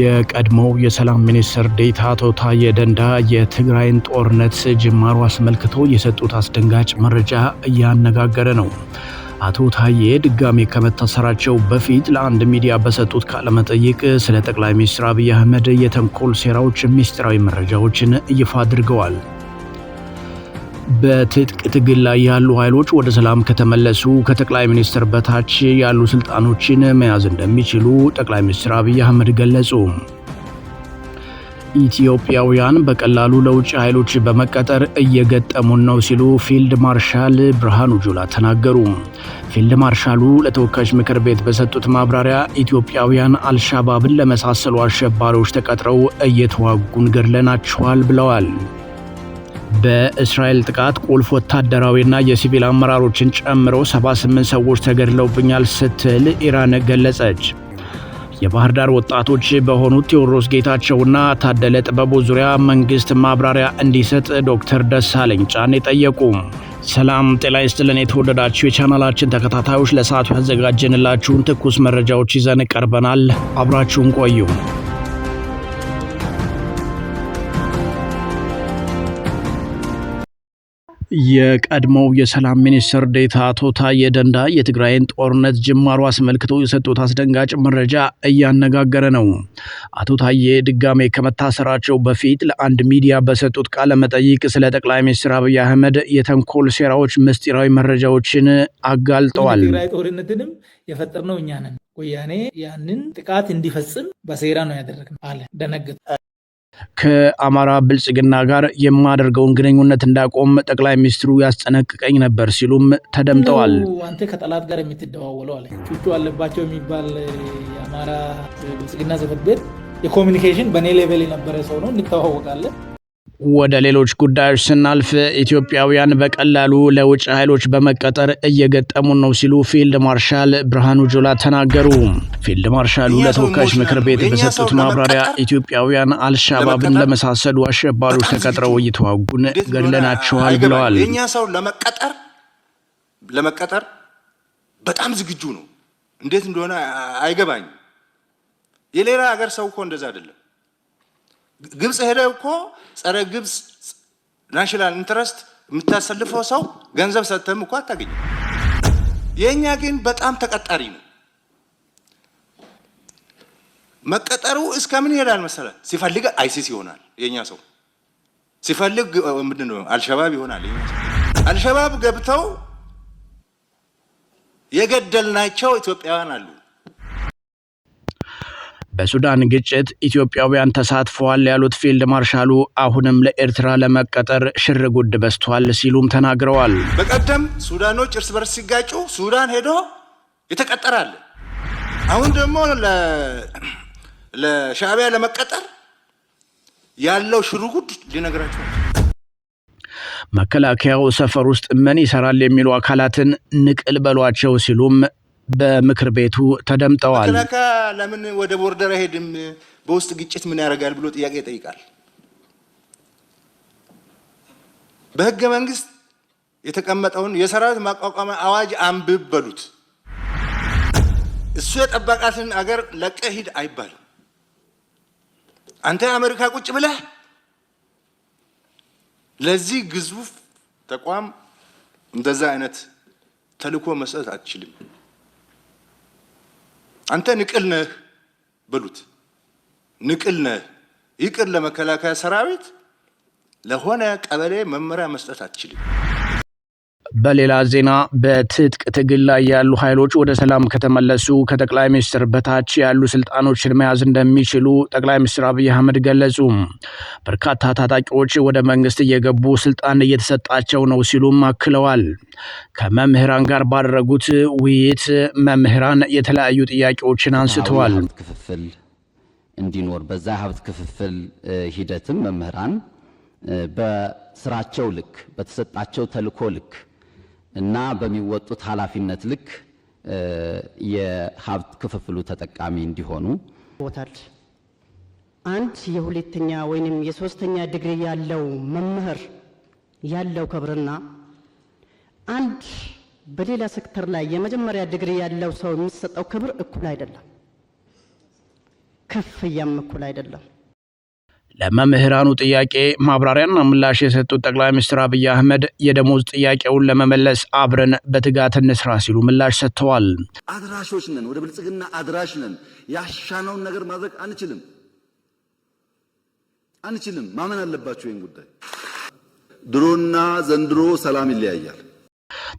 የቀድሞው የሰላም ሚኒስትር ዴታ አቶ ታዬ ደንዳ የትግራይን ጦርነት ጅማሮ አስመልክቶ የሰጡት አስደንጋጭ መረጃ እያነጋገረ ነው። አቶ ታዬ ድጋሜ ከመታሰራቸው በፊት ለአንድ ሚዲያ በሰጡት ቃለመጠይቅ ስለ ጠቅላይ ሚኒስትር አብይ አህመድ የተንኮል ሴራዎች ምስጢራዊ መረጃዎችን ይፋ አድርገዋል። በትጥቅ ትግል ላይ ያሉ ኃይሎች ወደ ሰላም ከተመለሱ ከጠቅላይ ሚኒስትር በታች ያሉ ስልጣኖችን መያዝ እንደሚችሉ ጠቅላይ ሚኒስትር አብይ አህመድ ገለጹ። ኢትዮጵያውያን በቀላሉ ለውጭ ኃይሎች በመቀጠር እየገጠሙን ነው ሲሉ ፊልድ ማርሻል ብርሃኑ ጁላ ተናገሩ። ፊልድ ማርሻሉ ለተወካዮች ምክር ቤት በሰጡት ማብራሪያ ኢትዮጵያውያን አልሻባብን ለመሳሰሉ አሸባሪዎች ተቀጥረው እየተዋጉን ገድለናቸዋል ብለዋል። በእስራኤል ጥቃት ቁልፍ ወታደራዊና የሲቪል አመራሮችን ጨምሮ 78 ሰዎች ተገድለውብኛል ስትል ኢራን ገለጸች። የባህር ዳር ወጣቶች በሆኑት ቴዎድሮስ ጌታቸውና ታደለ ጥበቡ ዙሪያ መንግስት ማብራሪያ እንዲሰጥ ዶክተር ደሳለኝ ጫኔ ጠየቁ። ሰላም ጤና ይስጥልን። የተወደዳችሁ የቻናላችን ተከታታዮች ለሰዓቱ ያዘጋጀንላችሁን ትኩስ መረጃዎች ይዘን ቀርበናል። አብራችሁን ቆዩም። የቀድሞው የሰላም ሚኒስትር ዴታ አቶ ታዬ ደንዳ የትግራይን ጦርነት ጅማሩ አስመልክቶ የሰጡት አስደንጋጭ መረጃ እያነጋገረ ነው። አቶ ታዬ ድጋሜ ከመታሰራቸው በፊት ለአንድ ሚዲያ በሰጡት ቃለ መጠይቅ ስለ ጠቅላይ ሚኒስትር አብይ አህመድ የተንኮል ሴራዎች ምስጢራዊ መረጃዎችን አጋልጠዋል። ትግራይ ጦርነትንም የፈጠርነው እኛ ነን፣ ወያኔ ያንን ጥቃት እንዲፈጽም በሴራ ነው ያደረግነው አለ። ደነገጠ። ከአማራ ብልጽግና ጋር የማደርገውን ግንኙነት እንዳቆም ጠቅላይ ሚኒስትሩ ያስጠነቅቀኝ ነበር ሲሉም ተደምጠዋል። አንተ ከጠላት ጋር የምትደዋወለው አለ ቹቹ አለባቸው የሚባል የአማራ ብልጽግና ጽሕፈት ቤት የኮሚኒኬሽን በእኔ ሌቨል የነበረ ሰው ነው፣ እንተዋወቃለን ወደ ሌሎች ጉዳዮች ስናልፍ ኢትዮጵያውያን በቀላሉ ለውጭ ኃይሎች በመቀጠር እየገጠሙን ነው ሲሉ ፊልድ ማርሻል ብርሃኑ ጁላ ተናገሩ። ፊልድ ማርሻሉ ለተወካዮች ምክር ቤት በሰጡት ማብራሪያ ኢትዮጵያውያን አልሻባብን ለመሳሰሉ አሸባሪዎች ተቀጥረው እየተዋጉን ገድለናቸዋል ብለዋል። የእኛ ሰው ለመቀጠር ለመቀጠር በጣም ዝግጁ ነው። እንዴት እንደሆነ አይገባኝም። የሌላ ሀገር ሰው እኮ እንደዛ አይደለም። ግብፅ ሄደህ እኮ ጸረ ግብፅ ናሽናል ኢንትረስት የምታሰልፈው ሰው ገንዘብ ሰጥተህም እኮ አታገኝም። የእኛ ግን በጣም ተቀጣሪ ነው። መቀጠሩ እስከምን ምን ይሄዳል መሰለህ? ሲፈልግ አይሲስ ይሆናል የእኛ ሰው፣ ሲፈልግ ምንድን ነው አልሸባብ ይሆናል አልሸባብ ገብተው የገደልናቸው ኢትዮጵያውያን አሉ። በሱዳን ግጭት ኢትዮጵያውያን ተሳትፈዋል ያሉት ፊልድ ማርሻሉ አሁንም ለኤርትራ ለመቀጠር ሽር ጉድ በስቷል ሲሉም ተናግረዋል። በቀደም ሱዳኖች እርስ በርስ ሲጋጩ ሱዳን ሄዶ የተቀጠራል። አሁን ደግሞ ለሻዕቢያ ለመቀጠር ያለው ጉድ ሊነግራቸው መከላከያው ሰፈር ውስጥ ምን ይሰራል የሚሉ አካላትን ንቅል በሏቸው ሲሉም በምክር ቤቱ ተደምጠዋል። መከላከያ ለምን ወደ ቦርደር አይሄድም? በውስጥ ግጭት ምን ያደርጋል ብሎ ጥያቄ ይጠይቃል። በህገ መንግስት የተቀመጠውን የሰራዊት ማቋቋሚያ አዋጅ አንብብ በሉት። እሱ የጠበቃትን አገር ለቀ ሂድ አይባልም። አንተ አሜሪካ ቁጭ ብለህ ለዚህ ግዙፍ ተቋም እንደዛ አይነት ተልእኮ መስጠት አትችልም። አንተ ንቅል ነህ በሉት። ንቅል ነህ ይቅር። ለመከላከያ ሰራዊት ለሆነ ቀበሌ መመሪያ መስጠት አትችልም። በሌላ ዜና በትጥቅ ትግል ላይ ያሉ ኃይሎች ወደ ሰላም ከተመለሱ ከጠቅላይ ሚኒስትር በታች ያሉ ስልጣኖችን መያዝ እንደሚችሉ ጠቅላይ ሚኒስትር አብይ አህመድ ገለጹ። በርካታ ታጣቂዎች ወደ መንግስት እየገቡ ስልጣን እየተሰጣቸው ነው ሲሉም አክለዋል። ከመምህራን ጋር ባደረጉት ውይይት መምህራን የተለያዩ ጥያቄዎችን አንስተዋል። ክፍፍል እንዲኖር በዛ ሀብት ክፍፍል ሂደትም መምህራን በስራቸው ልክ በተሰጣቸው ተልኮ ልክ እና በሚወጡት ኃላፊነት ልክ የሀብት ክፍፍሉ ተጠቃሚ እንዲሆኑ ቦታል። አንድ የሁለተኛ ወይንም የሶስተኛ ዲግሪ ያለው መምህር ያለው ክብርና አንድ በሌላ ሴክተር ላይ የመጀመሪያ ዲግሪ ያለው ሰው የሚሰጠው ክብር እኩል አይደለም፣ ክፍያም እኩል አይደለም። ለመምህራኑ ጥያቄ ማብራሪያና ምላሽ የሰጡት ጠቅላይ ሚኒስትር አብይ አህመድ የደሞዝ ጥያቄውን ለመመለስ አብረን በትጋት እንስራ ሲሉ ምላሽ ሰጥተዋል። አድራሾች ነን፣ ወደ ብልጽግና አድራሽ ነን። ያሻነውን ነገር ማድረግ አንችልም አንችልም። ማመን አለባቸው ይህን ጉዳይ። ድሮና ዘንድሮ ሰላም ይለያያል።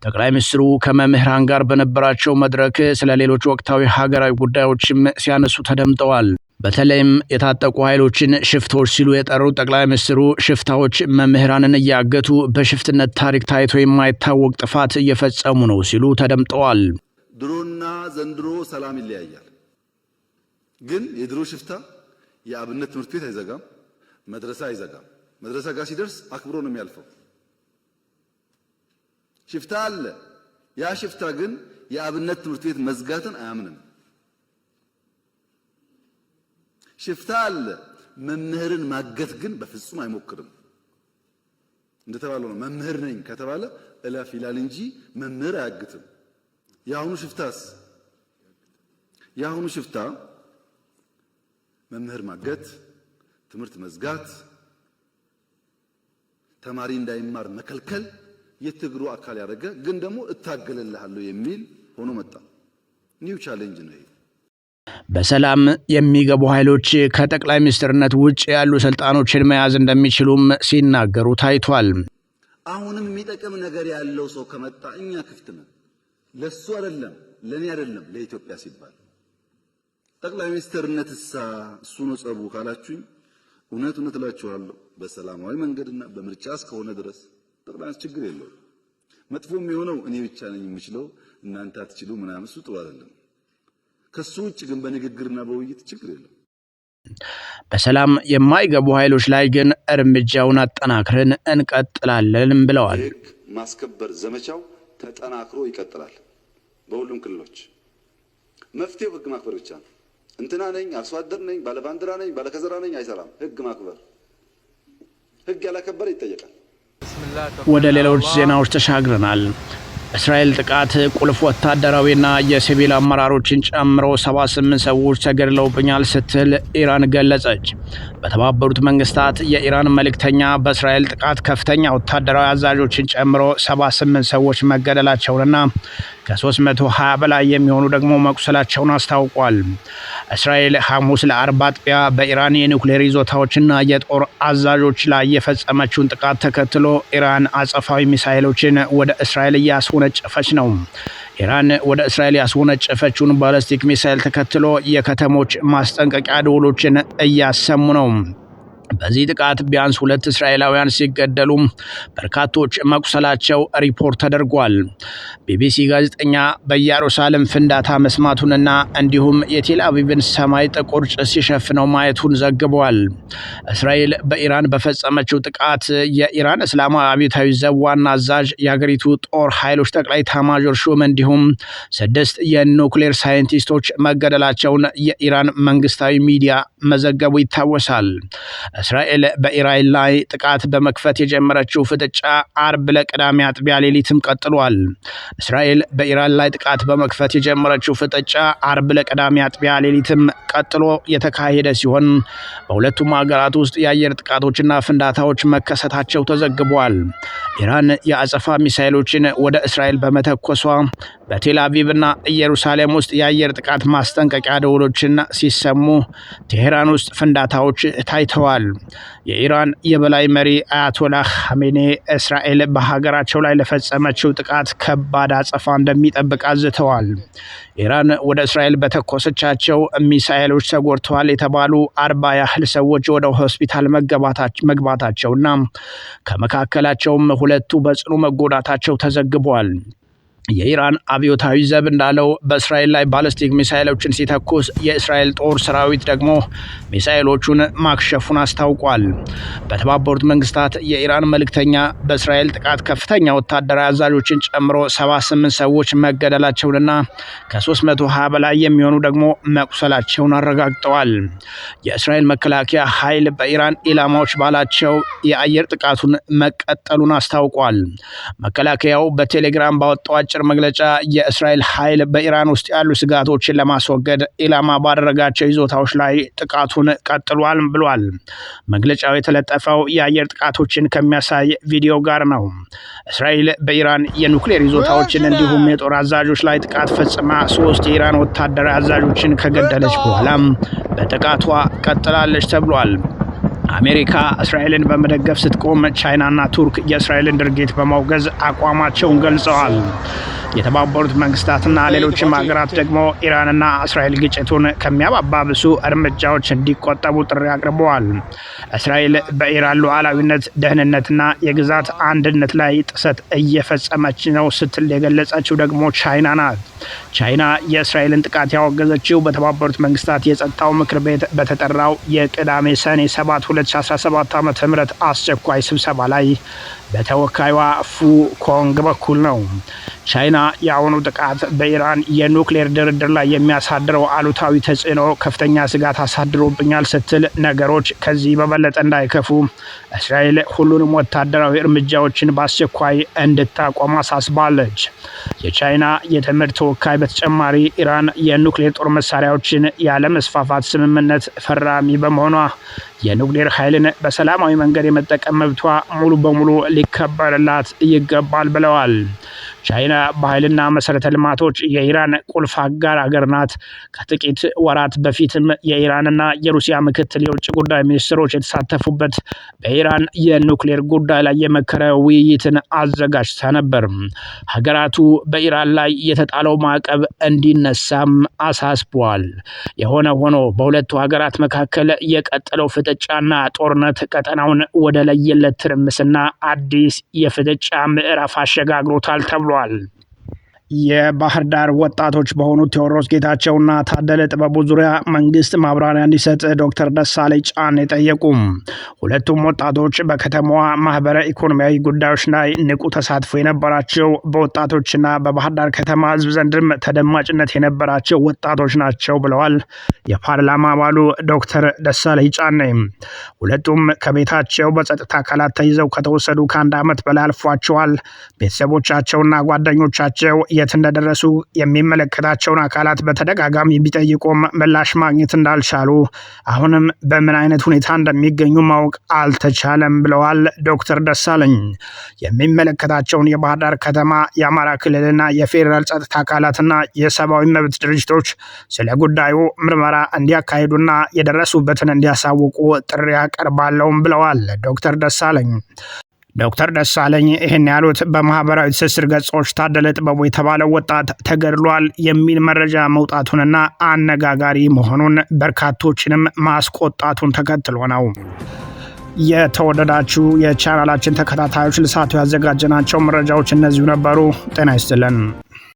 ጠቅላይ ሚኒስትሩ ከመምህራን ጋር በነበራቸው መድረክ ስለ ሌሎች ወቅታዊ ሀገራዊ ጉዳዮችም ሲያነሱ ተደምጠዋል። በተለይም የታጠቁ ኃይሎችን ሽፍቶች ሲሉ የጠሩት ጠቅላይ ሚኒስትሩ ሽፍታዎች መምህራንን እያገቱ በሽፍትነት ታሪክ ታይቶ የማይታወቅ ጥፋት እየፈጸሙ ነው ሲሉ ተደምጠዋል። ድሮና ዘንድሮ ሰላም ይለያያል። ግን የድሮ ሽፍታ የአብነት ትምህርት ቤት አይዘጋም፣ መድረሳ አይዘጋም። መድረሳ ጋር ሲደርስ አክብሮ ነው የሚያልፈው። ሽፍታ አለ። ያ ሽፍታ ግን የአብነት ትምህርት ቤት መዝጋትን አያምንም። ሽፍታ አለ። መምህርን ማገት ግን በፍጹም አይሞክርም። እንደተባለው ነው። መምህር ነኝ ከተባለ እለፍ ይላል እንጂ መምህር አያግትም። የአሁኑ ሽፍታስ የአሁኑ ሽፍታ መምህር ማገት፣ ትምህርት መዝጋት፣ ተማሪ እንዳይማር መከልከል የትግሩ አካል ያደረገ ግን ደግሞ እታገለልሃለሁ የሚል ሆኖ መጣ። ኒው ቻሌንጅ ነው ይሄ። በሰላም የሚገቡ ኃይሎች ከጠቅላይ ሚኒስትርነት ውጭ ያሉ ስልጣኖችን መያዝ እንደሚችሉም ሲናገሩ ታይቷል። አሁንም የሚጠቅም ነገር ያለው ሰው ከመጣ እኛ ክፍት ነን። ለሱ አይደለም፣ ለእኔ አይደለም፣ ለኢትዮጵያ ሲባል ጠቅላይ ሚኒስትርነት እሳ እሱ ነው ጸቡ ካላችሁኝ፣ እውነት እውነት እላችኋለሁ በሰላማዊ መንገድና በምርጫ እስከሆነ ድረስ ጠቅላይ ችግር የለው። መጥፎም የሆነው እኔ ብቻ ነኝ የምችለው እናንተ አትችሉ ምናምን፣ እሱ ጥሩ አይደለም። ከሱ ውጭ ግን በንግግርና በውይይት ችግር የለም። በሰላም የማይገቡ ኃይሎች ላይ ግን እርምጃውን አጠናክረን እንቀጥላለን ብለዋል። ህግ ማስከበር ዘመቻው ተጠናክሮ ይቀጥላል። በሁሉም ክልሎች መፍትሄው ህግ ማክበር ብቻ ነው። እንትና ነኝ፣ አርሶ አደር ነኝ፣ ባለባንዲራ ነኝ፣ ባለከዘራ ነኝ አይሰራም። ህግ ማክበር፣ ህግ ያላከበረ ይጠየቃል። ወደ ሌሎች ዜናዎች ተሻግረናል። በእስራኤል ጥቃት ቁልፍ ወታደራዊና የሲቪል አመራሮችን ጨምሮ 78 ሰዎች ተገድለውብኛል ስትል ኢራን ገለጸች። በተባበሩት መንግስታት የኢራን መልእክተኛ በእስራኤል ጥቃት ከፍተኛ ወታደራዊ አዛዦችን ጨምሮ 78 ሰዎች መገደላቸውንና ከ320 በላይ የሚሆኑ ደግሞ መቁሰላቸውን አስታውቋል። እስራኤል ሐሙስ ለአርብ አጥቢያ በኢራን የኒውክሌር ይዞታዎችና የጦር አዛዦች ላይ የፈጸመችውን ጥቃት ተከትሎ ኢራን አጸፋዊ ሚሳይሎችን ወደ እስራኤል እያስወነጨፈች ነው። ኢራን ወደ እስራኤል ያስወነጨፈችውን ባለስቲክ ሚሳይል ተከትሎ የከተሞች ማስጠንቀቂያ ደወሎችን እያሰሙ ነው። በዚህ ጥቃት ቢያንስ ሁለት እስራኤላውያን ሲገደሉ በርካቶች መቁሰላቸው ሪፖርት ተደርጓል። ቢቢሲ ጋዜጠኛ በኢየሩሳሌም ፍንዳታ መስማቱንና እንዲሁም የቴልአቪቭን ሰማይ ጥቁር ጭስ ሲሸፍነው ማየቱን ዘግቧል። እስራኤል በኢራን በፈጸመችው ጥቃት የኢራን እስላማዊ አብዮታዊ ዘብ ዋና አዛዥ፣ የአገሪቱ ጦር ኃይሎች ጠቅላይ ታማዦር ሹም እንዲሁም ስድስት የኑክሌር ሳይንቲስቶች መገደላቸውን የኢራን መንግስታዊ ሚዲያ መዘገቡ ይታወሳል። እስራኤል በኢራን ላይ ጥቃት በመክፈት የጀመረችው ፍጥጫ አርብ ለቅዳሜ አጥቢያ ሌሊትም ቀጥሏል። እስራኤል በኢራን ላይ ጥቃት በመክፈት የጀመረችው ፍጥጫ አርብ ለቅዳሜ አጥቢያ ሌሊትም ቀጥሎ የተካሄደ ሲሆን በሁለቱም ሀገራት ውስጥ የአየር ጥቃቶችና ፍንዳታዎች መከሰታቸው ተዘግቧል። ኢራን የአጸፋ ሚሳይሎችን ወደ እስራኤል በመተኮሷ በቴል ኢየሩሳሌም ውስጥ የአየር ጥቃት ማስጠንቀቂያ ደውሎችና ሲሰሙ ቴሄራን ውስጥ ፍንዳታዎች ታይተዋል። የኢራን የበላይ መሪ አያቶላህ ሐሜኔ እስራኤል በሀገራቸው ላይ ለፈጸመችው ጥቃት ከባድ አጸፋ እንደሚጠብቅ አዝተዋል። ኢራን ወደ እስራኤል በተኮሰቻቸው ሚሳኤሎች ተጎድተዋል የተባሉ አርባ ያህል ሰዎች ወደ ሆስፒታል መግባታቸውና ከመካከላቸውም ሁለቱ በጽኑ መጎዳታቸው ተዘግቧል። የኢራን አብዮታዊ ዘብ እንዳለው በእስራኤል ላይ ባለስቲክ ሚሳይሎችን ሲተኩስ የእስራኤል ጦር ሰራዊት ደግሞ ሚሳይሎቹን ማክሸፉን አስታውቋል። በተባበሩት መንግስታት የኢራን መልእክተኛ በእስራኤል ጥቃት ከፍተኛ ወታደራዊ አዛዦችን ጨምሮ 78 ሰዎች መገደላቸውንና ከ320 በላይ የሚሆኑ ደግሞ መቁሰላቸውን አረጋግጠዋል። የእስራኤል መከላከያ ኃይል በኢራን ኢላማዎች ባላቸው የአየር ጥቃቱን መቀጠሉን አስታውቋል። መከላከያው በቴሌግራም ባወጣው በአጭር መግለጫ የእስራኤል ኃይል በኢራን ውስጥ ያሉ ስጋቶችን ለማስወገድ ኢላማ ባደረጋቸው ይዞታዎች ላይ ጥቃቱን ቀጥሏል ብሏል። መግለጫው የተለጠፈው የአየር ጥቃቶችን ከሚያሳይ ቪዲዮ ጋር ነው። እስራኤል በኢራን የኑክሌር ይዞታዎችን እንዲሁም የጦር አዛዦች ላይ ጥቃት ፈጽማ ሶስት የኢራን ወታደራዊ አዛዦችን ከገደለች በኋላም በጥቃቷ ቀጥላለች ተብሏል። አሜሪካ እስራኤልን በመደገፍ ስትቆም ቻይናና ቱርክ የእስራኤልን ድርጊት በማውገዝ አቋማቸውን ገልጸዋል። የተባበሩት መንግስታትና ሌሎችም ሀገራት ደግሞ ኢራንና እስራኤል ግጭቱን ከሚያባባብሱ እርምጃዎች እንዲቆጠቡ ጥሪ አቅርበዋል። እስራኤል በኢራን ሉዓላዊነት፣ ደህንነትና የግዛት አንድነት ላይ ጥሰት እየፈጸመች ነው ስትል የገለጸችው ደግሞ ቻይና ናት። ቻይና የእስራኤልን ጥቃት ያወገዘችው በተባበሩት መንግስታት የጸጥታው ምክር ቤት በተጠራው የቅዳሜ ሰኔ ሰባት 2017 ዓ.ም አስቸኳይ ስብሰባ ላይ በተወካይዋ ፉ ኮንግ በኩል ነው። ቻይና የአሁኑ ጥቃት በኢራን የኑክሌር ድርድር ላይ የሚያሳድረው አሉታዊ ተጽዕኖ ከፍተኛ ስጋት አሳድሮብኛል ስትል ነገሮች ከዚህ በበለጠ እንዳይከፉ እስራኤል ሁሉንም ወታደራዊ እርምጃዎችን በአስቸኳይ እንድታቆም አሳስባለች። የቻይና የተመድ ተወካይ በተጨማሪ ኢራን የኑክሌር ጦር መሳሪያዎችን ያለመስፋፋት ስምምነት ፈራሚ በመሆኗ የኑክሌር ኃይልን በሰላማዊ መንገድ የመጠቀም መብቷ ሙሉ በሙሉ ሊከበርላት ይገባል ብለዋል። ቻይና በኃይልና መሰረተ ልማቶች የኢራን ቁልፍ አጋር ሀገር ናት። ከጥቂት ወራት በፊትም የኢራንና የሩሲያ ምክትል የውጭ ጉዳይ ሚኒስትሮች የተሳተፉበት በኢራን የኑክሌር ጉዳይ ላይ የመከረ ውይይትን አዘጋጅታ ነበር። ሀገራቱ በኢራን ላይ የተጣለው ማዕቀብ እንዲነሳም አሳስቧል። የሆነ ሆኖ በሁለቱ ሀገራት መካከል የቀጠለው ፍጥጫና ጦርነት ቀጠናውን ወደ ለየለት ትርምስና አዲስ የፍጥጫ ምዕራፍ አሸጋግሮታል ተብሏል። al የባህር ዳር ወጣቶች በሆኑት ቴዎድሮስ ጌታቸውና ታደለ ጥበቡ ዙሪያ መንግስት ማብራሪያ እንዲሰጥ ዶክተር ደሳለኝ ጫኔ ጠየቁ። ሁለቱም ወጣቶች በከተማዋ ማህበረ ኢኮኖሚያዊ ጉዳዮች ላይ ንቁ ተሳትፎ የነበራቸው በወጣቶችና በባህር ዳር ከተማ ህዝብ ዘንድም ተደማጭነት የነበራቸው ወጣቶች ናቸው ብለዋል። የፓርላማ አባሉ ዶክተር ደሳለኝ ጫኔ ሁለቱም ከቤታቸው በጸጥታ አካላት ተይዘው ከተወሰዱ ከአንድ ዓመት በላይ አልፏቸዋል። ቤተሰቦቻቸውና ጓደኞቻቸው የት እንደደረሱ የሚመለከታቸውን አካላት በተደጋጋሚ ቢጠይቁም ምላሽ ማግኘት እንዳልቻሉ አሁንም በምን አይነት ሁኔታ እንደሚገኙ ማወቅ አልተቻለም ብለዋል ዶክተር ደሳለኝ። የሚመለከታቸውን የባህር ዳር ከተማ የአማራ ክልልና የፌዴራል ጸጥታ አካላትና የሰብአዊ መብት ድርጅቶች ስለ ጉዳዩ ምርመራ እንዲያካሂዱና የደረሱበትን እንዲያሳውቁ ጥሪ አቀርባለሁም ብለዋል ዶክተር ደሳለኝ። ዶክተር ደሳለኝ ይህን ያሉት በማህበራዊ ትስስር ገጾች ታደለ ጥበቡ የተባለው ወጣት ተገድሏል የሚል መረጃ መውጣቱንና አነጋጋሪ መሆኑን በርካቶችንም ማስቆጣቱን ተከትሎ ነው። የተወደዳችሁ የቻናላችን ተከታታዮች፣ ለሰዓቱ ያዘጋጀናቸው መረጃዎች እነዚሁ ነበሩ። ጤና ይስጥልን።